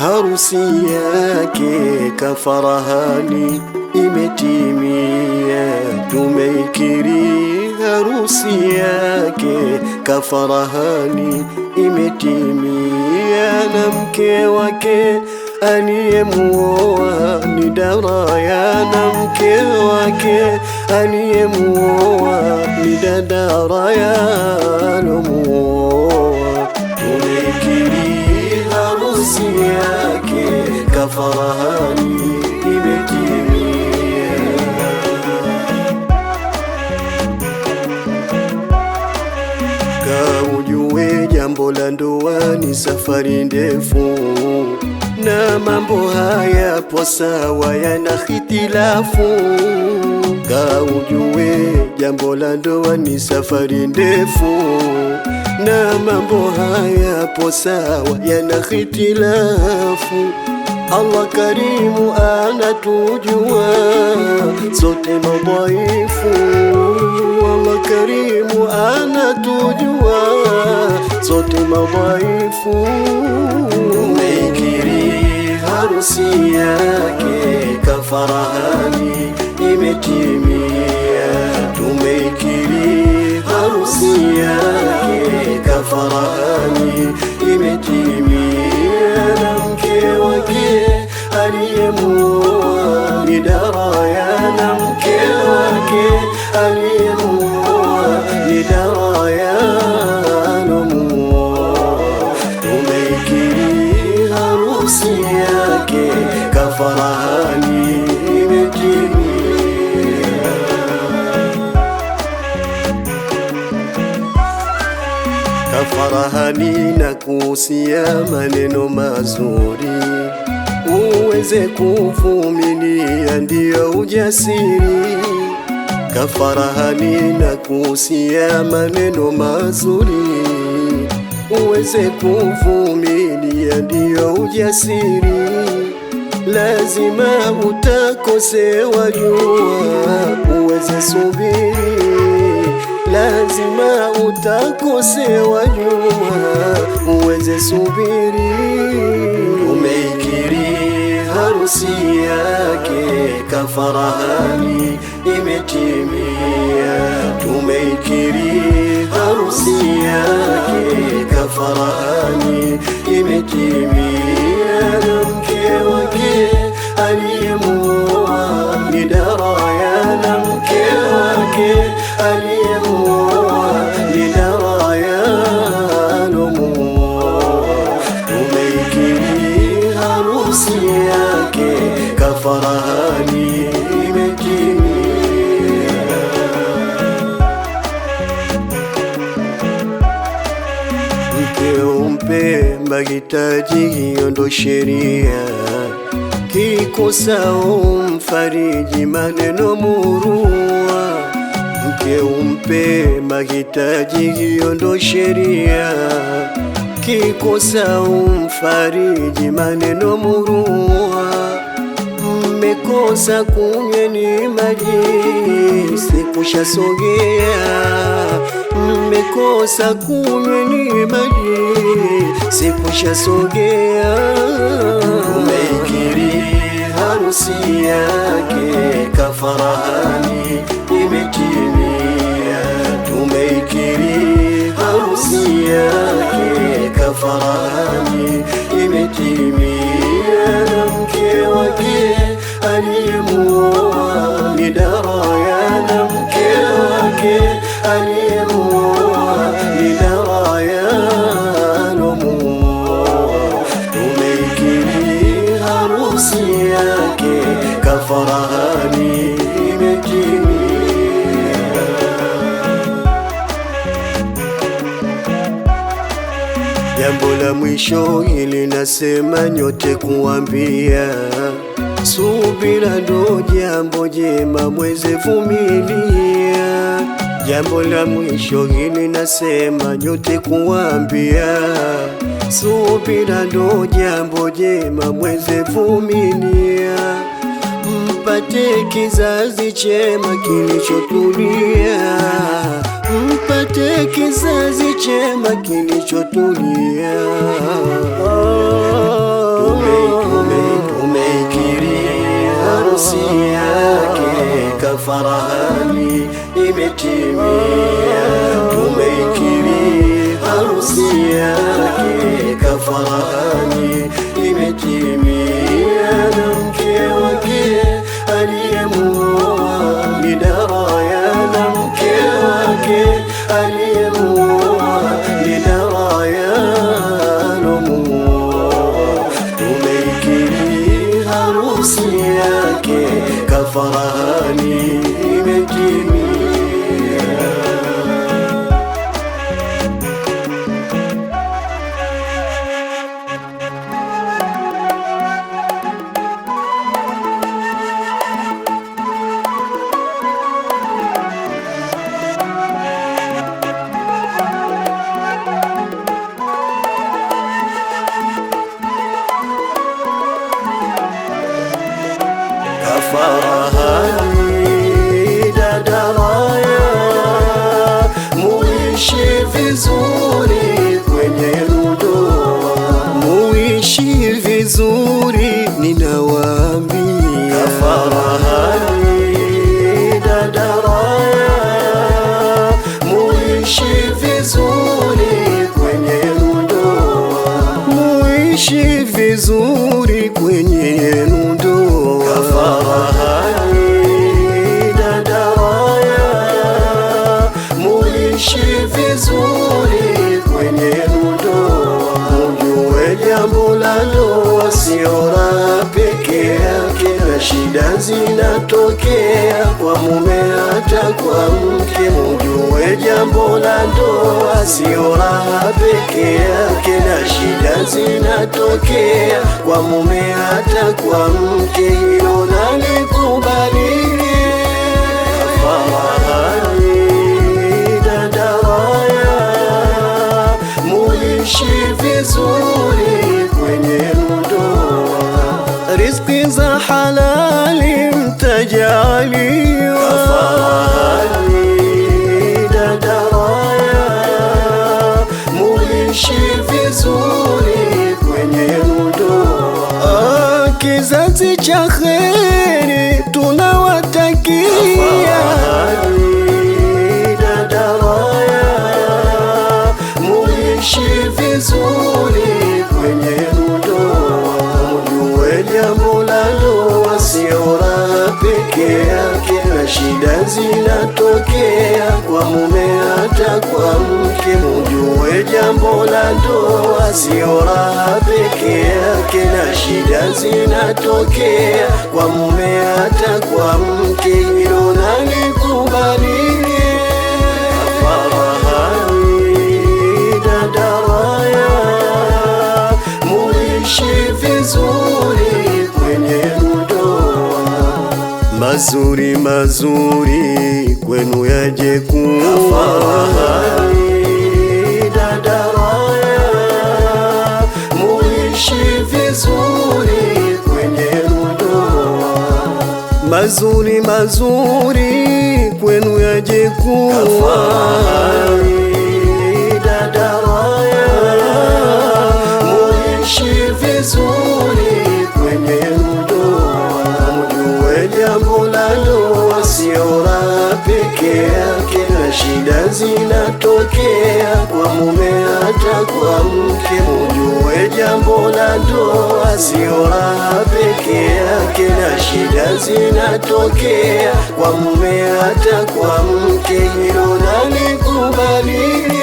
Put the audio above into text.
Harusi yake kafara hali imetimia, tumeikiri. Harusi yake kafara hali imetimia, na mke wake aliyemuoa ni daraya, na mke wake aliyemuoa ni dadaraya, alomuoa yake kafahani imetimia. Kaujue jambo la ndoa ni safari ndefu, na mambo haya po sawa yana hitilafu. Kaujue jambo la ndoa ni safari ndefu na mambo hayapo sawa, yana hitilafu. Allah karimu anatujua sote madhaifu, Allah karimu anatujua sote madhaifu. Umeikiri harusi yake kafarahani imetimia, tumeikiri harusi yake Kafarani imetimia, na mke wake aliyemuoa ni Daraya, na mke wake aliyemuoa ni Daraya nomuoa, tumeikiria harusi yake Kafarani ahadi na kuhusia maneno mazuri, uweze kuvumilia, ndiyo ujasiri. Kafara na kusia maneno mazuri, uweze kuvumilia, ndiyo ujasiri. Lazima utakosewa, jua uweze subiri lazima utakosewa nyuma, uweze subiri, umeikiri harusi yake kafarahani imetimia, tumeikiri harusi yake kafarahani imetimia, na mke wake aliyemuoa ni dara ya na mke wake Pemba kitaji ndo sheria kikosa umfariji maneno murua mke umpe mahitaji hiyo ndo sheria kikosa mfariji maneno murua Nilikosa ni maji, sikushasogea. Nimekosa ni maji, sikushasogea. Umeikiri harusi yake kafarahani imetimia, tumeikiri harusi yake kafarahani aliyemua ni dawa ya mke wake ni dawa harusi yake kafarahani Jambo la mwisho ili nasema nyote kuambia Subira ndo jambo jema, mweze vumilia. Jambo la mwisho hili nasema nyote kuambia, subira ndo jambo jema, mweze vumilia, mpate kizazi chema kilichotulia, mpate kizazi chema kilichotulia. Farahani imetimia, tumeikiri harusi yake Kafarahani imetimia, na mke wake aliyemuoa ni Daraya, na mke wake aliyemuoa ni Daraya lomuoa, tumeikiri harusi كفرهاني vizuri kwenye ndoa. vizuri kwenye peke yake, na shida zinatokea kwa mume hata kwa mke, mjue jambo la ndoa sio raha peke yake, na shida linatokea kwa mume hata kwa mke, hilo Dada muishi vizuri kwenye ndoa, riziki za halali zinatokea kwa mume hata kwa mke, mujue jambo la ndoa sio raha peke yake, na shida zinatokea kwa mume hata kwa mke, hilo nalikubali mazuri mazuri kwenu yaje kuwa mazuri mazuri kwenu yaje kuwa zinatokea kwa mume hata kwa mke, mujue jambo la ndoa sio raha peke yake, na shida zinatokea kwa mume hata kwa mke, hilo nalikubali.